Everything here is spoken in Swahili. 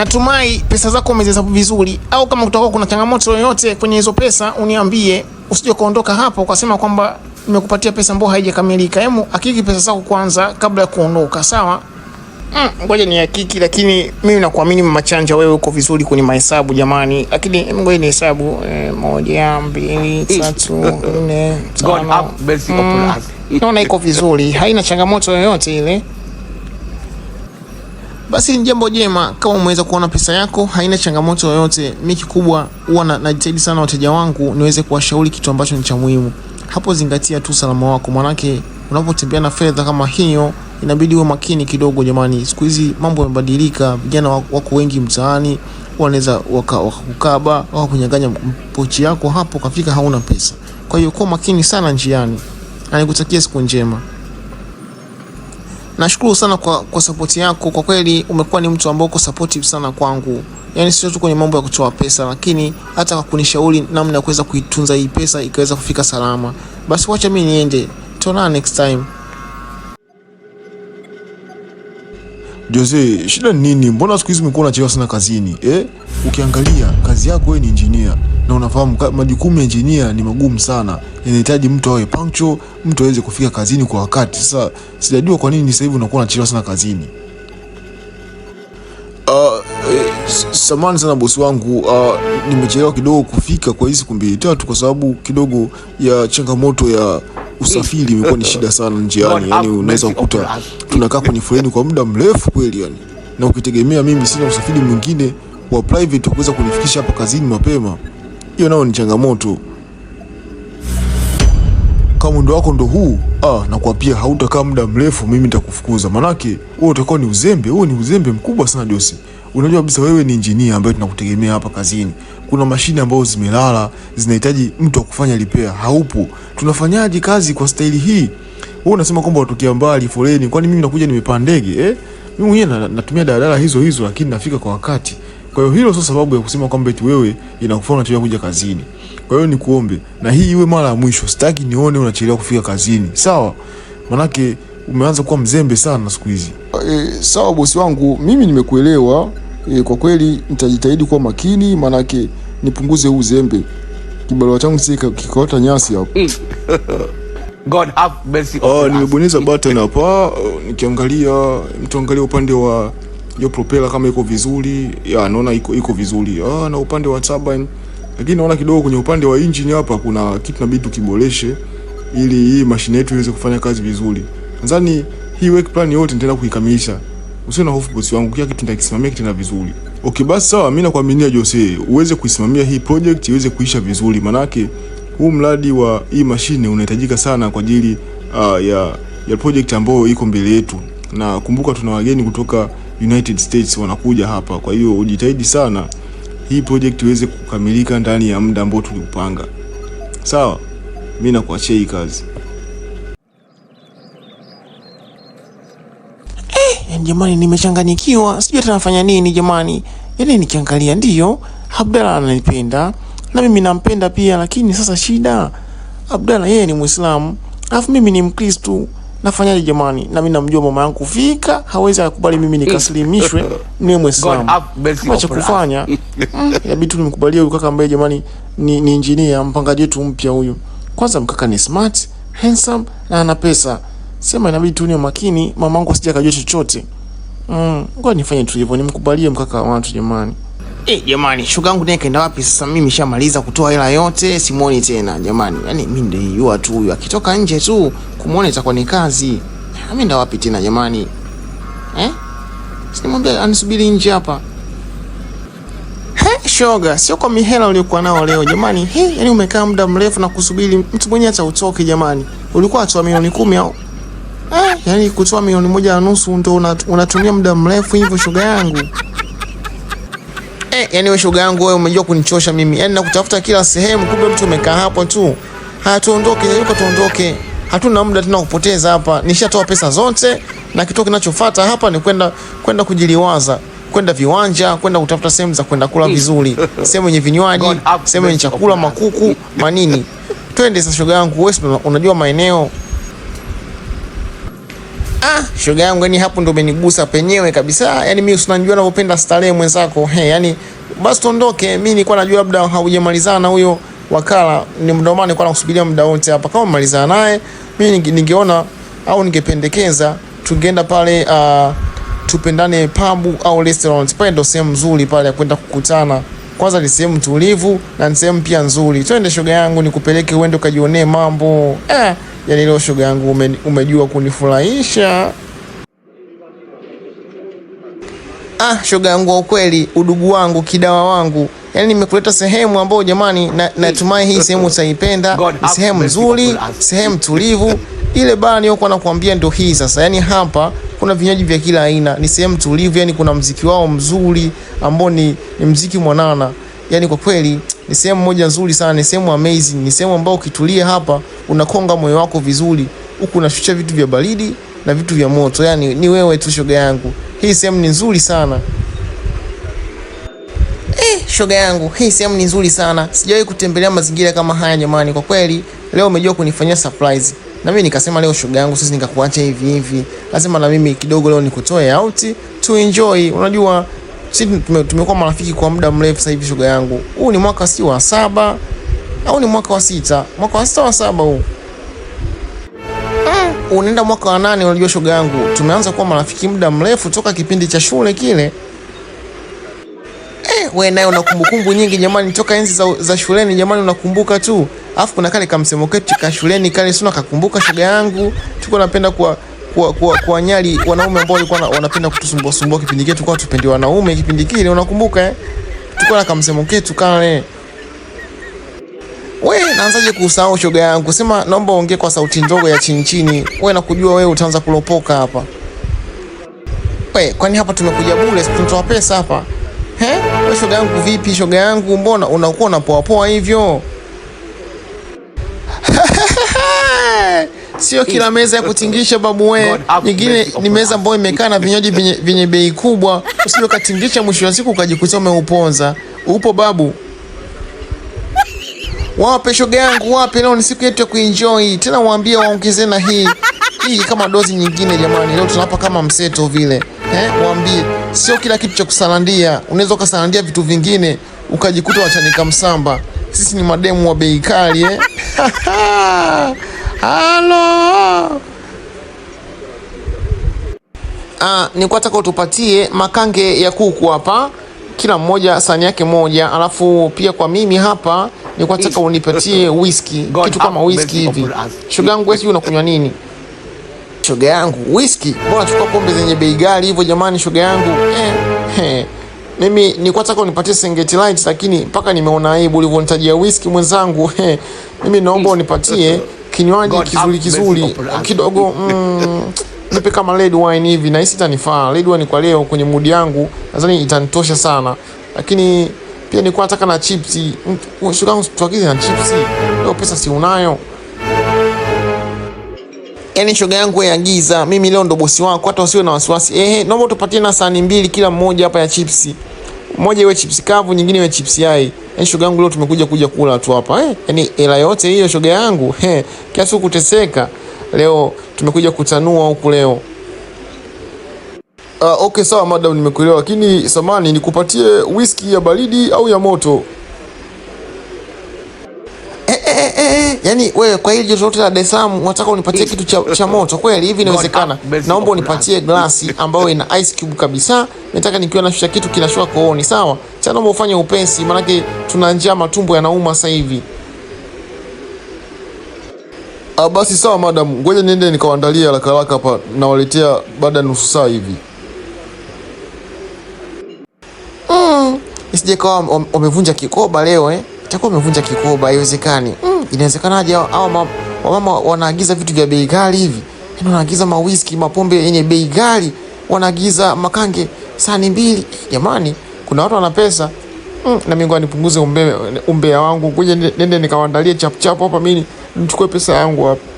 Natumai pesa zako umezihesabu vizuri, au kama kutakuwa kuna changamoto yoyote kwenye hizo pesa uniambie, usije kuondoka hapo ukasema kwamba nimekupatia pesa ambayo haijakamilika. Hemu hakiki pesa zako kwanza kabla ya kuondoka, sawa? Mm, ngoja mm, ni hakiki, lakini mimi nakuamini Mama Chanja, wewe uko vizuri kwenye mahesabu jamani. Lakini ngoja ni hesabu eh, moja, mbili, tatu, nne, tano. Mm. Naona iko vizuri, haina changamoto yoyote ile basi ni jambo jema kama umeweza kuona pesa yako haina changamoto yoyote. Mimi kikubwa huwa najitahidi sana wateja wangu niweze kuwashauri kitu ambacho ni cha muhimu. Hapo zingatia tu usalama wako, manake unapotembea na fedha kama hiyo inabidi uwe makini kidogo. Jamani, siku hizi mambo yamebadilika, vijana wako wengi mtaani, wanaweza wakakukaba au kunyang'anya pochi yako, hapo kafika hauna pesa. Kwa hiyo kuwa makini sana njiani, na nikutakia siku njema. Nashukuru sana kwa, kwa support yako. Kwa kweli umekuwa ni mtu ambao uko supportive sana kwangu, yaani sio tu kwenye mambo ya kutoa pesa, lakini hata kwa kunishauri namna ya kuweza kuitunza hii pesa ikaweza kufika salama. Basi wacha mimi niende, tuonana next time. Jose, shida nini? Mbona siku hizi umekuwa unachelewa sana kazini eh? Ukiangalia kazi yako wewe ni engineer na unafahamu majukumu ya engineer ni magumu sana, inahitaji mtu awe punctual, mtu aweze kufika kazini kwa wakati. Sasa sijajua kwa nini sasa hivi unakuwa unachelewa sana kazini. Uh, eh, samani sana bosi wangu. Uh, nimechelewa kidogo kufika kwa hizi siku mbili tatu, kwa sababu kidogo ya changamoto ya usafiri imekuwa ni shida sana njiani, yani unaweza kukuta tunakaa kwenye foleni kwa muda mrefu kweli yani, na ukitegemea mimi sina usafiri mwingine wa private wa kuweza kunifikisha hapa kazini mapema hiyo nayo ni changamoto. Kama mwendo wako ndo huu ah, na kwa pia hautakaa muda mrefu, mimi nitakufukuza, manake wewe utakuwa ni uzembe. Wewe ni uzembe mkubwa sana Jose. Unajua kabisa wewe ni engineer ambaye tunakutegemea hapa kazini. Kuna mashine ambazo zimelala zinahitaji mtu wa kufanya repair, haupo. Tunafanyaje kazi kwa staili hii? Wewe unasema kwamba watokea mbali foleni, kwani mimi nakuja nimepaa ndege eh? Mimi mwenyewe natumia daladala hizo hizo, lakini nafika kwa wakati. Kwa hiyo hilo sio sababu ya kusema kwamba eti wewe inakufanya unachelewa kuja kazini. Kwa hiyo nikuombe, na hii iwe mara ya mwisho, sitaki nione unachelewa kufika kazini, sawa? Manake umeanza kuwa mzembe sana siku hizi. E, sawa bosi wangu, mimi nimekuelewa. E, kwa kweli nitajitahidi kuwa makini, manake nipunguze huu uzembe. Kibarua changu si kikota nyasi hapo. Mm. God have mercy. Oh, nimebonyeza button hapa oh, nikiangalia, mtu angalia upande wa hiyo propela kama iko vizuri ya naona iko iko vizuri ah, na upande wa turbine, lakini naona kidogo kwenye upande wa engine hapa kuna kitu nabidi tukiboreshe ili hii mashine yetu iweze kufanya kazi vizuri. Nadhani hii work plan yote nitaenda kuikamilisha. usio na hofu bosi wangu, kila kitu nitakisimamia kitenda vizuri. Okay, basi sawa, mimi nakuaminia Jose, uweze kuisimamia hii project iweze kuisha vizuri, manake huu mradi wa hii mashine unahitajika sana kwa ajili uh, ya ya project ambayo iko mbele yetu, na kumbuka tuna wageni kutoka United States wanakuja hapa. Kwa hiyo ujitahidi sana hii project iweze kukamilika ndani ya muda ambao tuliupanga. Sawa, mimi nakuachia hii kazi. Eh, jamani nimechanganyikiwa, sijui tunafanya nini jamani. Yaani nikiangalia ndiyo Abdalla ananipenda na mimi nampenda pia, lakini sasa shida Abdalla yeye ni Muislamu, alafu mimi ni Mkristo nafanyaje jamani? Na mimi namjua mama yangu fika, hawezi akubali mimi nikaslimishwe niwe Muislamu. cha kufanya mm, inabidi tu nimkubalie huyu kaka ambaye jamani ni, ni engineer mpangaji wetu mpya huyu. Kwanza mkaka ni smart, handsome na ana pesa. Sema inabidi tu niwe makini, mamangu asije akajua chochote. Mm, ngoja nifanye tu hivyo, nimkubalie mkaka wa watu jamani. Eh, jamani, shoga yangu naye kaenda wapi sasa? Mimi nishamaliza kutoa hela yote, simuoni tena jamani. Yaani mimi ndio yua tu huyu, akitoka nje tu kumuona itakuwa ni kazi. Ameenda wapi tena jamani? Eh? Sinimwambia anisubiri nje hapa. He, eh, shoga, sio kwa mihela uliokuwa nao leo jamani. He, eh, yaani umekaa muda mrefu na kusubiri mtu mwenye hata utoke jamani. Ulikuwa atoa milioni kumi au? Eh, yaani kutoa milioni moja na nusu ndio unatumia muda mrefu hivyo shoga yangu. Eh, yani wewe shoga yangu wewe umejua kunichosha mimi. Yani nakutafuta kila sehemu, kumbe mtu umekaa hapo tu. Hatuondoke, yaani yuko tuondoke. Hatuna muda tena kupoteza hapa. Nishatoa pesa zote na kitu kinachofuata hapa ni kwenda kwenda kujiliwaza, kwenda viwanja, kwenda kutafuta sehemu za kwenda kula vizuri, sehemu yenye vinywaji, sehemu yenye chakula, makuku, manini. Twende sasa shoga yangu wewe, unajua maeneo Ah, shoga yangu yani hapo ndo umenigusa penyewe kabisa. Yaani mimi usinanijua ninapopenda starehe mwenzako. He, yani basi tuondoke. Mimi nilikuwa najua labda haujamalizana huyo wakala, ni ndio maana nilikuwa nakusubiria muda wote hapa. Kama mmalizana naye, mimi ningeona au ningependekeza tungeenda pale uh, tupendane pub au restaurant. Pale ndo sehemu nzuri pale ya kwenda kukutana. Kwanza ni sehemu tulivu na ni sehemu pia nzuri. Twende shoga yangu, nikupeleke uende ukajionee mambo. Eh yani leo shoga yangu ume, umejua kunifurahisha. Ah, shoga yangu wa ukweli, udugu wangu, kidawa wangu, yani nimekuleta sehemu ambayo jamani, natumai na hii sehemu utaipenda. Sehemu nzuri, sehemu tulivu. Ile baa niliyokuwa nakwambia ndio hii sasa. Yani hapa kuna vinywaji vya kila aina, ni sehemu tulivu, yani kuna mziki wao mzuri ambao ni, ni mziki mwanana, yani kwa kweli ni sehemu moja nzuri sana, ni sehemu amazing, ni sehemu ambayo ukitulia hapa unakonga moyo wako vizuri, huku unaficha vitu vya baridi na vitu vya moto. Yani ni wewe tu shoga yangu, hii sehemu ni nzuri sana. Eh, shoga yangu, hii sehemu ni nzuri sana. Sijawahi kutembelea mazingira kama haya jamani, kwa kweli leo umejua kunifanyia surprise. Na mimi nikasema leo shoga yangu sisi nikakuacha hivi hivi. Lazima na mimi kidogo leo nikutoe out to enjoy. Unajua sisi tumekuwa marafiki kwa muda mrefu sasa hivi, shoga yangu, huu ni mwaka si wa saba au ni mwaka wa sita? Mwaka wa sita wa saba huu ah, unaenda mwaka wa nane. Unajua shoga yangu, tumeanza kuwa marafiki muda mrefu toka kipindi cha shule kile. Eh, we naye una kumbukumbu nyingi jamani, toka enzi za, za shuleni jamani, unakumbuka tu. Alafu kuna kale kamsemo ketu ka shuleni kale, sio nakakumbuka shoga yangu, tuko napenda kuwa kwa, kwa, kwa nyali wanaume ambao walikuwa wanapenda kutusumbua sumbua kipindi kile, tulikuwa tupendi wanaume kipindi kile, unakumbuka eh? Tulikuwa na kamsemo ketu eh. We naanzaje kusahau shoga yangu? Sema naomba uongee kwa sauti ndogo ya chini chini. We nakujua wewe utaanza kulopoka hapa. We kwani hapa tumekuja bure, tunatoa pesa hapa. He? Eh? We shoga yangu vipi shoga yangu, mbona unakuwa unapoa poa hivyo? sio kila meza ya kutingisha babu, we nyingine ni meza ambayo imekaa na vinywaji vyenye bei kubwa, usije ukatingisha, mwisho wa siku ukajikuta umeuponza. Upo babu? Wape shoga yangu, wape leo ni siku yetu ya kuenjoy tena, waambie waongeze na hii hii kama dozi nyingine. Jamani, leo tunapa kama mseto vile eh, waambie sio kila kitu cha kusalandia, unaweza ukasalandia vitu vingine ukajikuta wachanika msamba. Sisi ni mademu wa bei kali eh Halo. Ah, nilikuwa nataka utupatie makange ya kuku hapa, kila mmoja sahani yake moja, alafu pia kwa mimi hapa nilikuwa nataka unipatie whisky, kitu kama ah, whisky hivi. Shoga yangu wewe unakunywa nini? Shoga yangu whisky? Bora chukua pombe zenye bei ghali hivyo jamani, shoga yangu eh, eh. Mimi nilikuwa nataka unipatie Serengeti Light lakini mpaka nimeona aibu ulivyonitajia whisky mwenzangu. eh. Mimi naomba unipatie kinywaji kizuri kizuri ah, kidogo mm, nipe kama red wine hivi, na hisi itanifaa red wine kwa leo kwenye mood yangu, nadhani itanitosha sana, lakini pia nilikuwa nataka na chipsi. Mm, shoga tuagize na chipsi leo, pesa si unayo? Yani shoga yangu agiza, mimi leo ndo bosi wako, hata usiwe na wasiwasi. Ehe, naomba tupatie na sahani mbili kila mmoja hapa ya chipsi moja iwe chips kavu, nyingine iwe chipsi yai. Yani eh, shoga yangu leo tumekuja kuja kula tu hapa eh. yani hela yote hiyo shoga yangu eh, kiasi kuteseka leo tumekuja kutanua huku leo. Uh, okay sawa madam, nimekuelewa, lakini samani nikupatie whisky ya baridi au ya moto? yani wewe kwa hili joto lote la Dar es Salaam unataka unipatie kitu cha, cha moto kweli? Hivi inawezekana? Naomba unipatie glasi ambayo ina ice cube kabisa. Nataka nikiwa nashusha kitu kinashuka kooni, sawa? Cha naomba ufanye upesi, maanake tuna njaa, matumbo yanauma sasa hivi. Ah, basi sawa madam, ngoja niende nikawaandalia haraka haraka hapa, nawaletea baada ya nusu saa hivi. Mm, isije kawa wamevunja kikoba leo eh itakuwa umevunja kikoba, haiwezekani. Mm, inawezekanaje? Au wamama wanaagiza vitu vya bei ghali hivi, yaani wanaagiza mawiski, mapombe yenye bei ghali, wanaagiza makange sani mbili. Jamani, kuna watu wana pesa. Mm, na mimi nipunguze umbea umbe wangu, kuja nende nikawaandalie chapchapo hapa, mimi nichukue pesa yangu hapa.